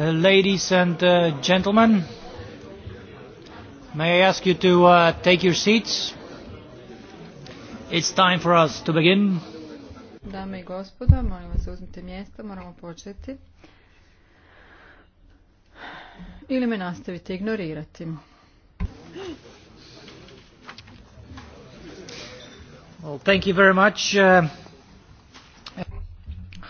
Uh, ladies and uh, gentlemen, may I ask you to uh, take your seats? It's time for us to begin. Dame i gospodo, molim vas uzmite mjesto, moramo početi. Ili me nastavite ignorirati. Well, thank you very much.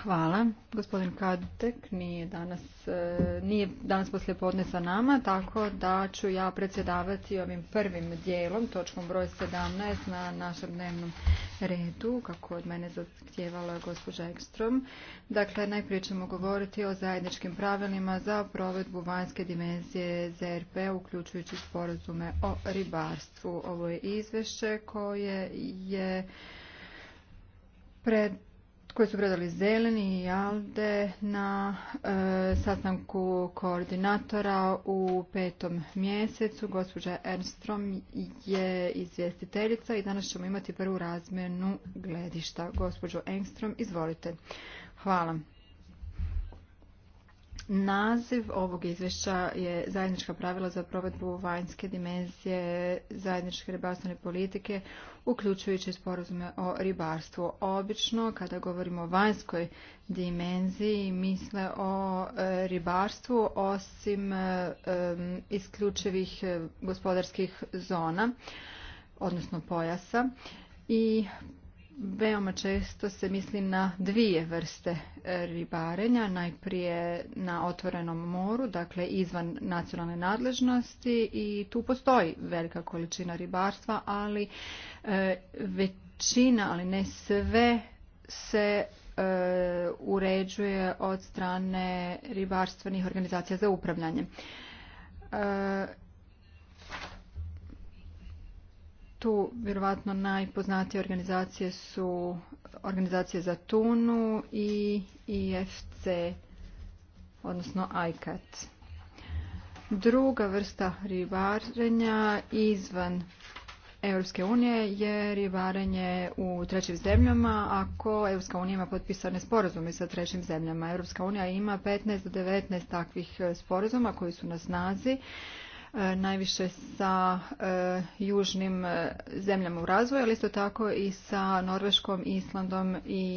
Hvala. Gospodin Kadek nije danas, e, nije danas poslije podne sa nama, tako da ću ja predsjedavati ovim prvim dijelom, točkom broj 17 na našem dnevnom redu, kako od mene zahtjevala gospođa Ekstrom. Dakle, najprije ćemo govoriti o zajedničkim pravilima za provedbu vanjske dimenzije ZRP, uključujući sporazume o ribarstvu. Ovo je izvješće koje je pred koji su gledali Zeleni i Alde na e, sastanku koordinatora u petom mjesecu. Gospođa Ernstrom je izvjestiteljica i danas ćemo imati prvu razmjenu gledišta. Gospođo Engstrom, izvolite. Hvala. Naziv ovog izvješća je zajednička pravila za provedbu vanjske dimenzije zajedničke ribarstvene politike, uključujući sporazume o ribarstvu. Obično, kada govorimo o vanjskoj dimenziji, misle o e, ribarstvu osim e, isključivih e, gospodarskih zona, odnosno pojasa i Veoma često se misli na dvije vrste ribarenja. Najprije na otvorenom moru, dakle izvan nacionalne nadležnosti i tu postoji velika količina ribarstva, ali e, većina, ali ne sve, se e, uređuje od strane ribarstvenih organizacija za upravljanje. E, tu vjerovatno najpoznatije organizacije su organizacije za tunu i IFC, odnosno ICAT. Druga vrsta ribarenja izvan Europske unije je ribarenje u trećim zemljama ako Europska unija ima potpisane sporazume sa trećim zemljama. Europska unija ima 15 do 19 takvih sporazuma koji su na snazi E, najviše sa e, južnim e, zemljama u razvoju, ali isto tako i sa Norveškom, Islandom i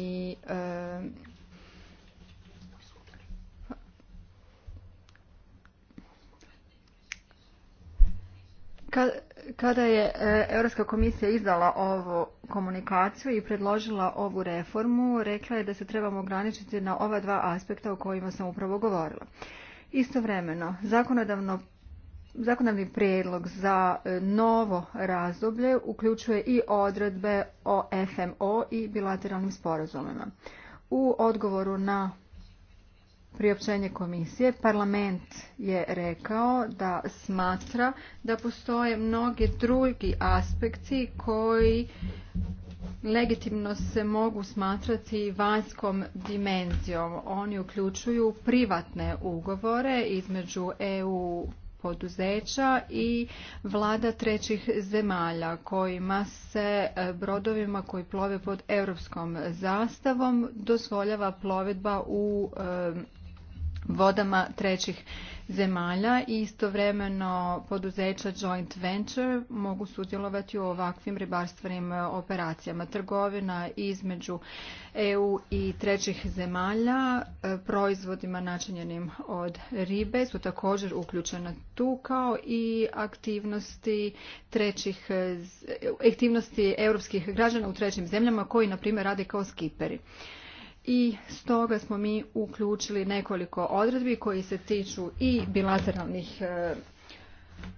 Kada je Europska komisija izdala ovu komunikaciju i predložila ovu reformu, rekla je da se trebamo ograničiti na ova dva aspekta o kojima sam upravo govorila. Istovremeno, zakonodavno Zakonodavni prijedlog za e, novo razdoblje uključuje i odredbe o FMO i bilateralnim sporazumima. U odgovoru na priopćenje komisije parlament je rekao da smatra da postoje mnogi drugi aspekti koji legitimno se mogu smatrati vanjskom dimenzijom. Oni uključuju privatne ugovore između EU poduzeća i vlada trećih zemalja kojima se e, brodovima koji plove pod europskom zastavom dozvoljava plovidba u e, vodama trećih zemalja i istovremeno poduzeća joint venture mogu sudjelovati u ovakvim ribarstvenim operacijama. Trgovina između EU i trećih zemalja e, proizvodima načinjenim od ribe su također uključena tu kao i aktivnosti trećih e, e, aktivnosti europskih građana u trećim zemljama koji na primjer rade kao skiperi i stoga smo mi uključili nekoliko odredbi koji se tiču i bilateralnih e,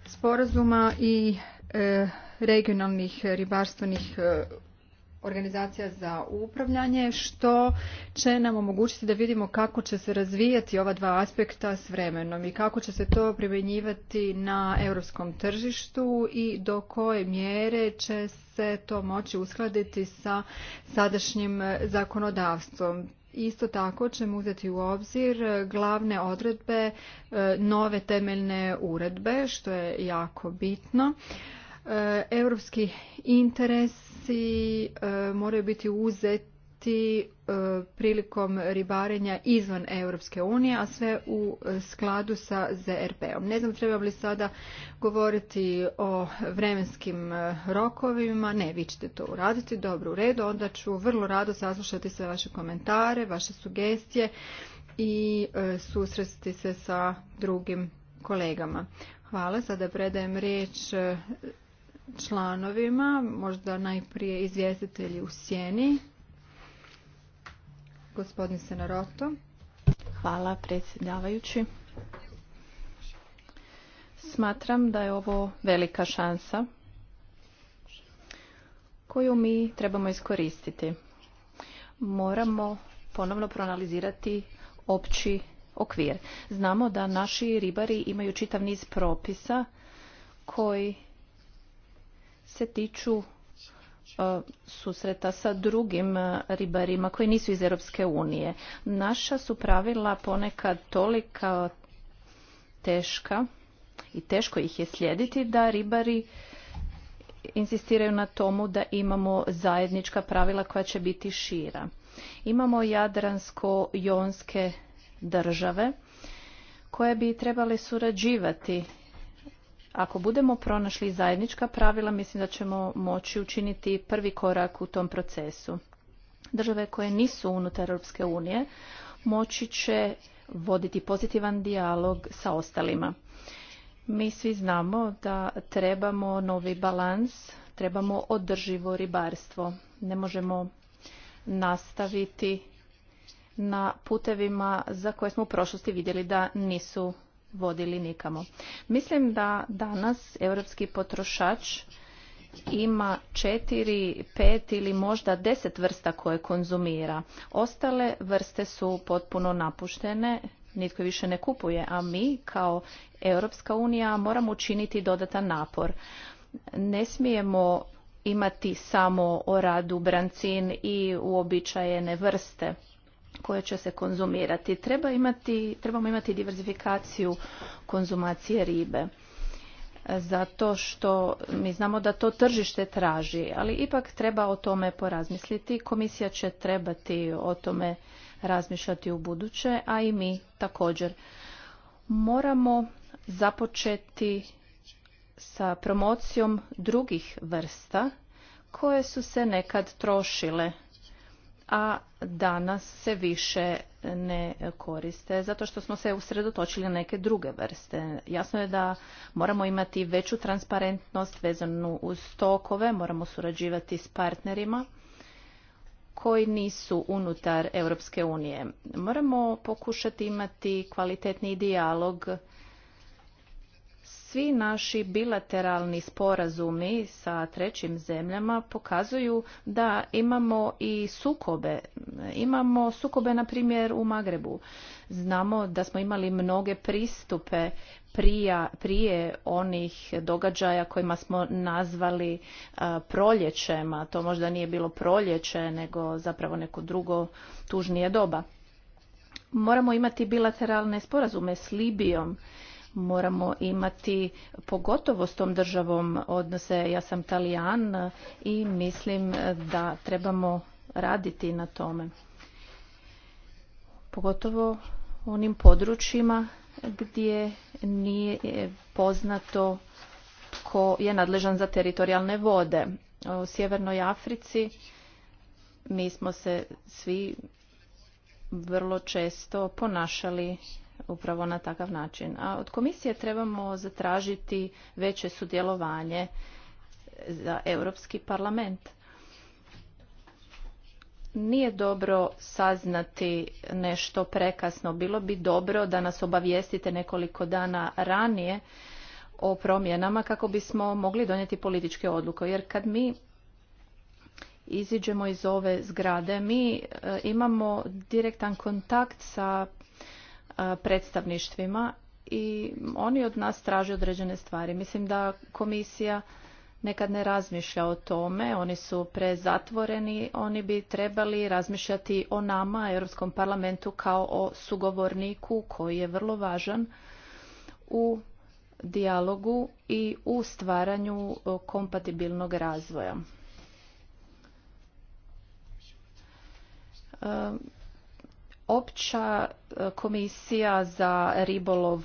sporazuma i e, regionalnih ribarstvenih e, organizacija za upravljanje što će nam omogućiti da vidimo kako će se razvijati ova dva aspekta s vremenom i kako će se to primjenjivati na europskom tržištu i do koje mjere će se to moći uskladiti sa sadašnjim zakonodavstvom. Isto tako ćemo uzeti u obzir glavne odredbe e, nove temeljne uredbe, što je jako bitno e, europski interes podaci e, moraju biti uzeti e, prilikom ribarenja izvan Europske unije, a sve u e, skladu sa ZRP-om. Ne znam treba li sada govoriti o vremenskim rokovima, ne, vi ćete to uraditi, dobro u redu, onda ću vrlo rado saslušati sve vaše komentare, vaše sugestije i susresti se sa drugim kolegama. Hvala. Sada predajem riječ članovima, možda najprije izvjestitelji u sjeni. Gospodin Senaroto. Hvala predsjedavajući. Smatram da je ovo velika šansa koju mi trebamo iskoristiti. Moramo ponovno proanalizirati opći okvir. Znamo da naši ribari imaju čitav niz propisa koji se tiču e, susreta sa drugim e, ribarima koji nisu iz Europske unije. Naša su pravila ponekad tolika teška i teško ih je slijediti da ribari insistiraju na tomu da imamo zajednička pravila koja će biti šira. Imamo jadransko-jonske države koje bi trebale surađivati ako budemo pronašli zajednička pravila, mislim da ćemo moći učiniti prvi korak u tom procesu. Države koje nisu unutar Europske unije moći će voditi pozitivan dijalog sa ostalima. Mi svi znamo da trebamo novi balans, trebamo održivo ribarstvo. Ne možemo nastaviti na putevima za koje smo u prošlosti vidjeli da nisu vodili nikamo. Mislim da danas europski potrošač ima četiri, pet ili možda deset vrsta koje konzumira. Ostale vrste su potpuno napuštene, nitko više ne kupuje, a mi kao Europska unija moramo učiniti dodatan napor. Ne smijemo imati samo o radu brancin i uobičajene vrste koje će se konzumirati. Treba imati, trebamo imati diversifikaciju konzumacije ribe e, zato što mi znamo da to tržište traži, ali ipak treba o tome porazmisliti. Komisija će trebati o tome razmišljati u buduće, a i mi također. Moramo započeti sa promocijom drugih vrsta koje su se nekad trošile a danas se više ne koriste zato što smo se usredotočili na neke druge vrste. Jasno je da moramo imati veću transparentnost vezanu uz tokove, moramo surađivati s partnerima koji nisu unutar Europske unije. Moramo pokušati imati kvalitetni dijalog svi naši bilateralni sporazumi sa trećim zemljama pokazuju da imamo i sukobe. Imamo sukobe, na primjer, u Magrebu. Znamo da smo imali mnoge pristupe prije onih događaja kojima smo nazvali a, to možda nije bilo proljeće, nego zapravo neko drugo tužnije doba. Moramo imati bilateralne sporazume s Libijom moramo imati pogotovo s tom državom odnose. Ja sam talijan i mislim da trebamo raditi na tome. Pogotovo u onim područjima gdje nije poznato tko je nadležan za teritorijalne vode. U Sjevernoj Africi mi smo se svi vrlo često ponašali upravo na takav način. A od komisije trebamo zatražiti veće sudjelovanje za Europski parlament. Nije dobro saznati nešto prekasno. Bilo bi dobro da nas obavijestite nekoliko dana ranije o promjenama kako bismo mogli donijeti političke odluke. Jer kad mi iziđemo iz ove zgrade, mi e, imamo direktan kontakt sa predstavništvima i oni od nas traže određene stvari. Mislim da komisija nekad ne razmišlja o tome, oni su prezatvoreni, oni bi trebali razmišljati o nama, Europskom parlamentu, kao o sugovorniku koji je vrlo važan u dijalogu i u stvaranju kompatibilnog razvoja. Opća e, komisija za ribolov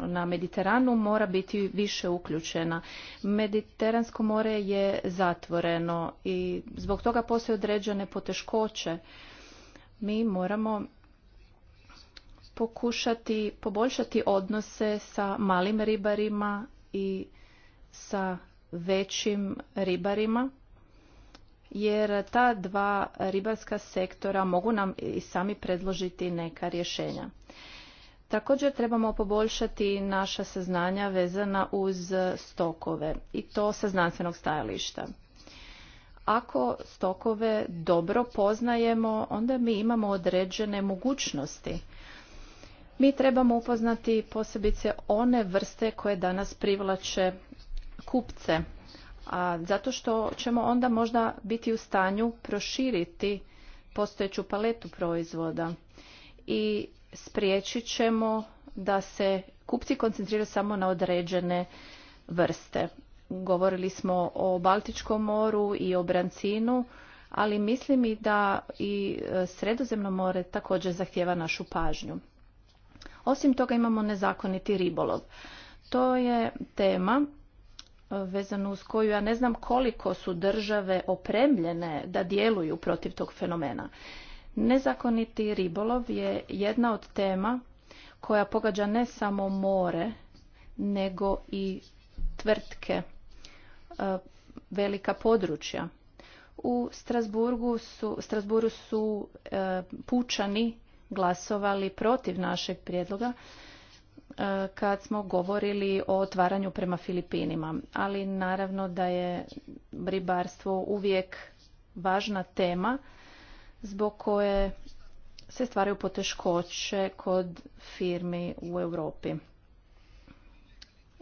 na Mediteranu mora biti više uključena. Mediteransko more je zatvoreno i zbog toga postoje određene poteškoće. Mi moramo pokušati poboljšati odnose sa malim ribarima i sa većim ribarima jer ta dva ribarska sektora mogu nam i sami predložiti neka rješenja. Također trebamo poboljšati naša saznanja vezana uz stokove i to sa znanstvenog stajališta. Ako stokove dobro poznajemo, onda mi imamo određene mogućnosti. Mi trebamo upoznati posebice one vrste koje danas privlače kupce a zato što ćemo onda možda biti u stanju proširiti postojeću paletu proizvoda i spriječit ćemo da se kupci koncentriraju samo na određene vrste. Govorili smo o Baltičkom moru i o Brancinu, ali mislim i da i e, Sredozemno more također zahtjeva našu pažnju. Osim toga imamo nezakoniti ribolov. To je tema vezano uz koju ja ne znam koliko su države opremljene da djeluju protiv tog fenomena. Nezakoniti ribolov je jedna od tema koja pogađa ne samo more, nego i tvrtke, e, velika područja. U Strasburgu su, Strasburu su e, pučani glasovali protiv našeg prijedloga E, kad smo govorili o otvaranju prema Filipinima. Ali naravno da je ribarstvo uvijek važna tema zbog koje se stvaraju poteškoće kod firmi u Europi.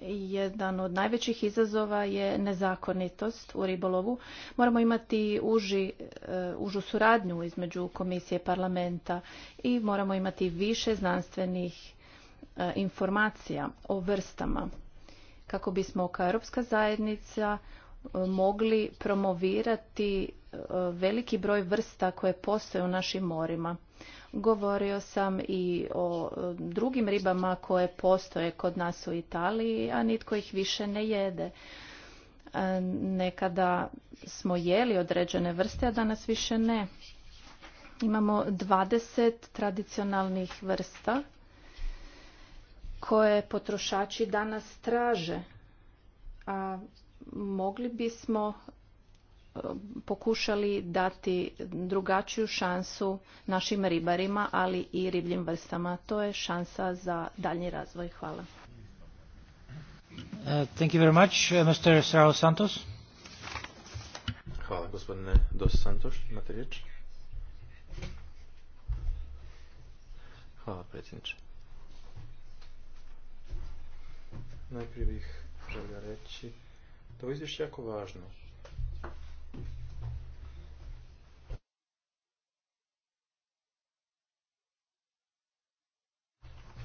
Jedan od najvećih izazova je nezakonitost u ribolovu. Moramo imati uži, e, užu suradnju između komisije parlamenta i moramo imati više znanstvenih E, informacija o vrstama kako bismo kao Europska zajednica e, mogli promovirati e, veliki broj vrsta koje postoje u našim morima. Govorio sam i o drugim ribama koje postoje kod nas u Italiji, a nitko ih više ne jede. Nekada smo jeli određene vrste, a danas više ne. Imamo 20 tradicionalnih vrsta koje potrošači danas traže. A mogli bismo e, pokušali dati drugačiju šansu našim ribarima, ali i ribljim vrstama. To je šansa za daljnji razvoj. Hvala. Uh, thank you very much, uh, Mr. Santos. Hvala, gospodine Dos Santos. Imate Hvala, predsjedniče. Najprije bih želio reći da ovo izvješće jako važno.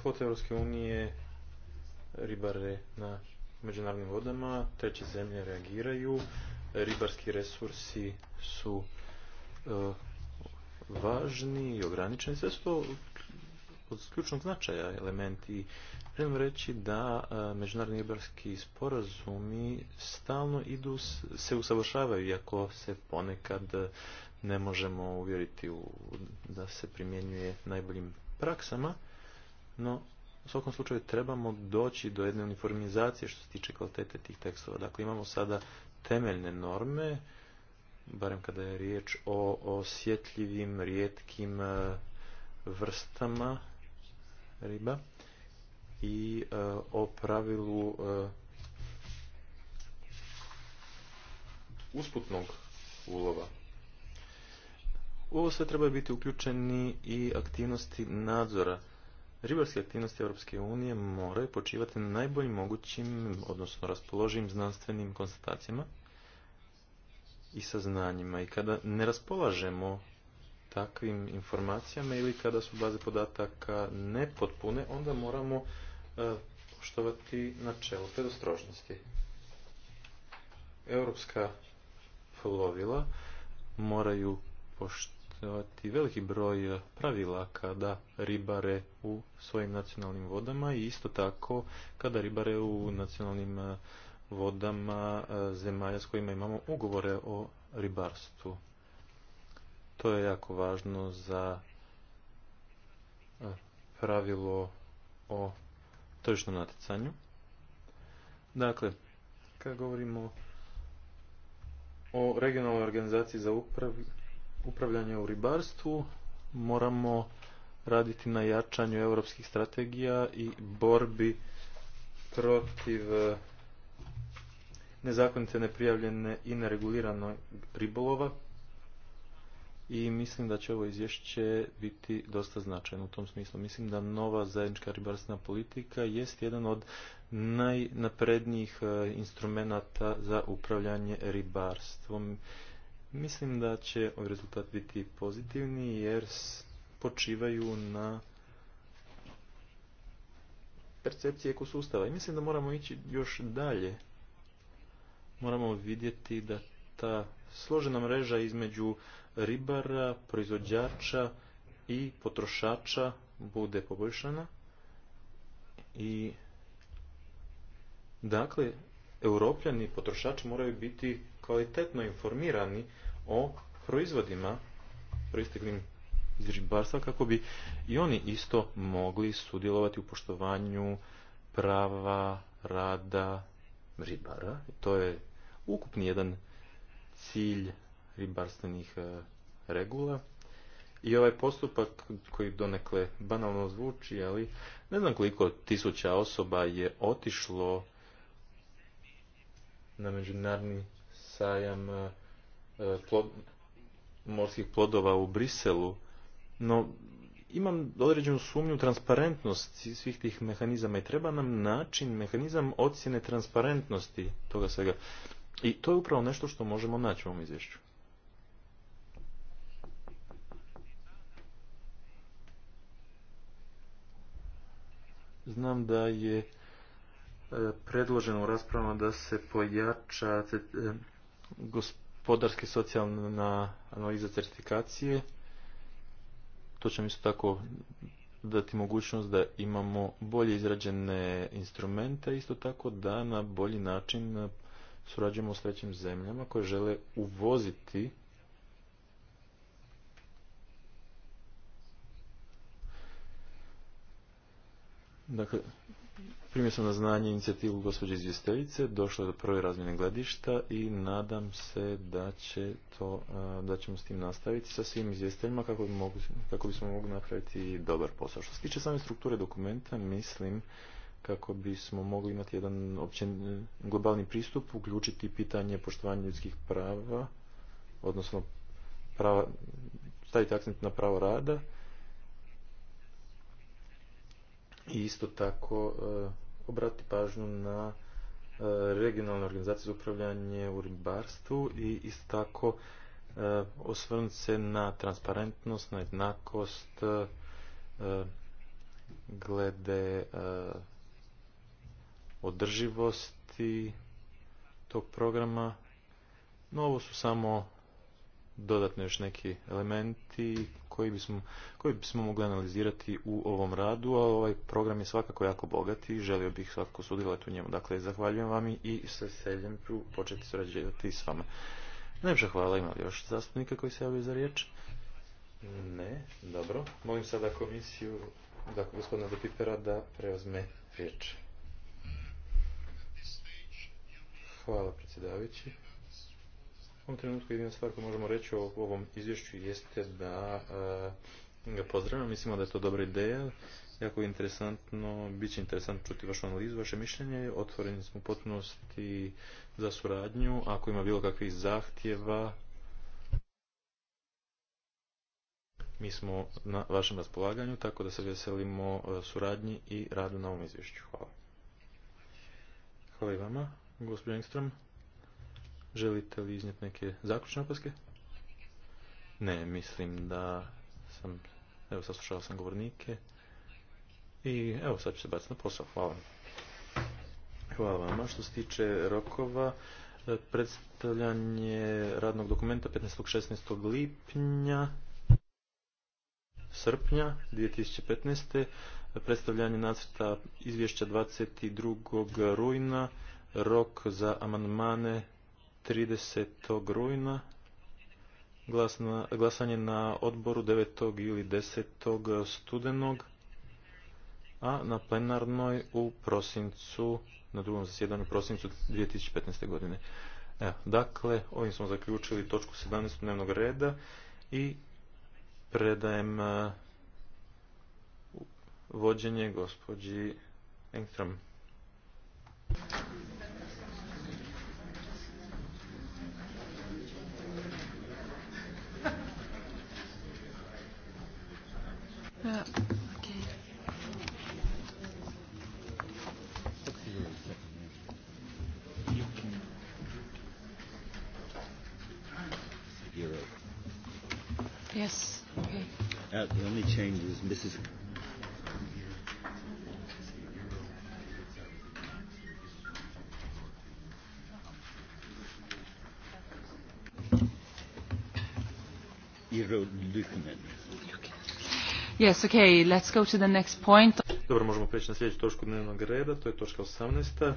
Foto Europske unije ribare na međunarodnim vodama, treće zemlje reagiraju, ribarski resursi su e, važni i ograničeni. Sve su od ključnog značaja element i želim reći da e, međunarodni ribarski sporazumi stalno idu, se usavršavaju iako se ponekad ne možemo uvjeriti u, da se primjenjuje najboljim praksama, no u svakom slučaju trebamo doći do jedne uniformizacije što se tiče kvalitete tih tekstova. Dakle, imamo sada temeljne norme, barem kada je riječ o osjetljivim, rijetkim e, vrstama riba i e, o pravilu e, usputnog ulova. U ovo sve trebaju biti uključeni i aktivnosti nadzora. Ribarske aktivnosti Europske unije moraju počivati na najboljim mogućim, odnosno raspoloživim znanstvenim konstatacijama i saznanjima. I kada ne raspolažemo takvim informacijama ili kada su baze podataka nepotpune, onda moramo e, poštovati načelo predostrožnosti. Europska plovila moraju poštovati veliki broj pravila kada ribare u svojim nacionalnim vodama i isto tako kada ribare u nacionalnim e, vodama e, zemalja s kojima imamo ugovore o ribarstvu. To je jako važno za eh, pravilo o tržišnom natjecanju. Dakle, kad govorimo o regionalnoj organizaciji za upravljanje u ribarstvu, moramo raditi na jačanju europskih strategija i borbi protiv eh, nezakonite, neprijavljene i nereguliranog ribolova i mislim da će ovo izvješće biti dosta značajno u tom smislu. Mislim da nova zajednička ribarstvena politika jest jedan od najnaprednijih e, instrumenata za upravljanje ribarstvom. Mislim da će ovaj rezultat biti pozitivni jer počivaju na percepciji ekosustava. I mislim da moramo ići još dalje. Moramo vidjeti da ta složena mreža između ribara, proizvođača i potrošača bude poboljšana. I dakle, europljani potrošači moraju biti kvalitetno informirani o proizvodima proisteklim iz ribarstva kako bi i oni isto mogli sudjelovati u poštovanju prava rada ribara. to je ukupni jedan cilj ribarstvenih e, regula. I ovaj postupak koji donekle banalno zvuči, ali ne znam koliko tisuća osoba je otišlo na međunarni sajam e, morskih plodova u Briselu, no imam određenu sumnju transparentnost svih tih mehanizama i treba nam način, mehanizam ocjene transparentnosti toga svega. I to je upravo nešto što možemo naći u ovom izvješću. Znam da je e, predloženo u raspravama da se pojača e, gospodarski socijalna analiza certifikacije. To će mi isto tako dati mogućnost da imamo bolje izrađene instrumente, isto tako da na bolji način e, surađujemo s trećim zemljama koje žele uvoziti Dakle, primio sam na znanje inicijativu gospođe izvjestiteljice, došlo je do prve razmjene gledišta i nadam se da, će to, da ćemo s tim nastaviti sa svim izvjestiteljima kako, bi kako bismo mogli napraviti dobar posao. Što se tiče same strukture dokumenta, mislim kako bismo mogli imati jedan općen globalni pristup, uključiti pitanje poštovanja ljudskih prava, odnosno prava, staviti akcent na pravo rada, i isto tako eh, obrati pažnju na eh, regionalne organizacije za upravljanje u ribarstvu i isto tako eh, osvrnuti se na transparentnost, na jednakost glede održivosti tog programa. No ovo su samo dodatno još neki elementi koji bismo, koji bismo mogli analizirati u ovom radu, a ovaj program je svakako jako bogat i želio bih svakako sudjelovati u njemu. Dakle, zahvaljujem vam i sa seljem početi surađivati s vama. Najviše hvala, ima još zastupnika koji se javio za riječ? Ne, dobro. Molim sada komisiju, dakle, gospodina Dopipera da preozme riječ. Hvala predsjedavajući. U ovom trenutku jedina stvar koju možemo reći o ovom izvješću jeste da e, ga pozdravljam. Mislimo da je to dobra ideja. Jako je interesantno, bit će interesantno čuti vašu analizu, vaše mišljenje. Otvoreni smo u potpunosti za suradnju. Ako ima bilo kakvih zahtjeva, mi smo na vašem raspolaganju, tako da se veselimo e, suradnji i radu na ovom izvješću. Hvala. Hvala i vama, gospodin Engström. Želite li iznijeti neke zaključne opaske? Ne, mislim da sam, evo saslušao sam govornike i evo sad ću se baciti na posao. Hvala. Hvala vam. što se tiče rokova, predstavljanje radnog dokumenta 15. lipnja srpnja 2015. Predstavljanje nacrta izvješća 22. rujna, rok za amandmane 30. rujna, glasanje na odboru 9. ili 10. studenog, a na plenarnoj u prosincu, na drugom zasjedanju prosincu 2015. godine. Evo, dakle, ovim smo zaključili točku 17. dnevnog reda i predajem e, vođenje gospođi Engstrom. that, The only change is Mrs. Yes, okay, let's go to the next point. Dobro, možemo preći na sljedeću točku dnevnog reda, to je točka 18.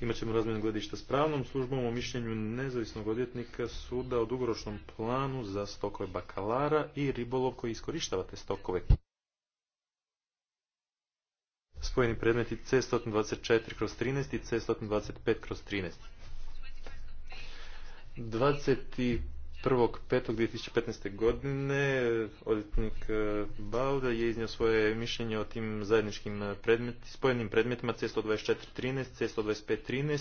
Imat ćemo razmjenu gledišta s pravnom službom o mišljenju nezavisnog odvjetnika suda o dugoročnom planu za stokove bakalara i ribolov koji iskorištava te stokove. Spojeni predmeti C124 kroz 13 i C125 kroz 13. 1.5.2015. godine odvjetnik e, Bauda je iznio svoje mišljenje o tim zajedničkim e, predmetima spojenim predmetima C124.13, C125.13.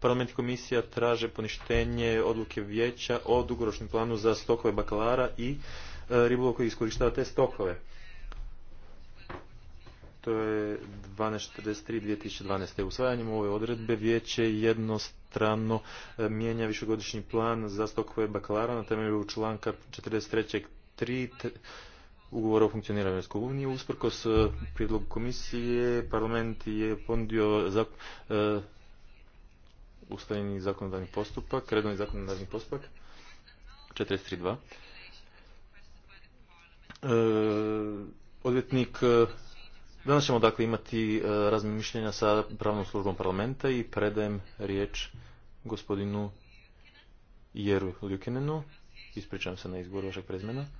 Parlament i komisija traže poništenje odluke vijeća o dugoročnom planu za stokove bakalara i e, ribolov koji iskorištava te stokove to je 1243-2012. Usvajanjem ove odredbe vijeće jednostrano e, mijenja višegodišnji plan za stokove bakalara na temelju članka tri ugovora o funkcioniranju Europske unije. Usprkos e, prijedlogu komisije, parlament je ponudio za, e, ustavljeni zakonodavni postupak, redovni zakonodavni postupak 43.2. E, odvjetnik Danas ćemo dakle imati e, razmišljenja sa pravnom službom parlamenta i predajem riječ gospodinu Jeru Ljukinenu. Ispričavam se na izboru vašeg prezmena.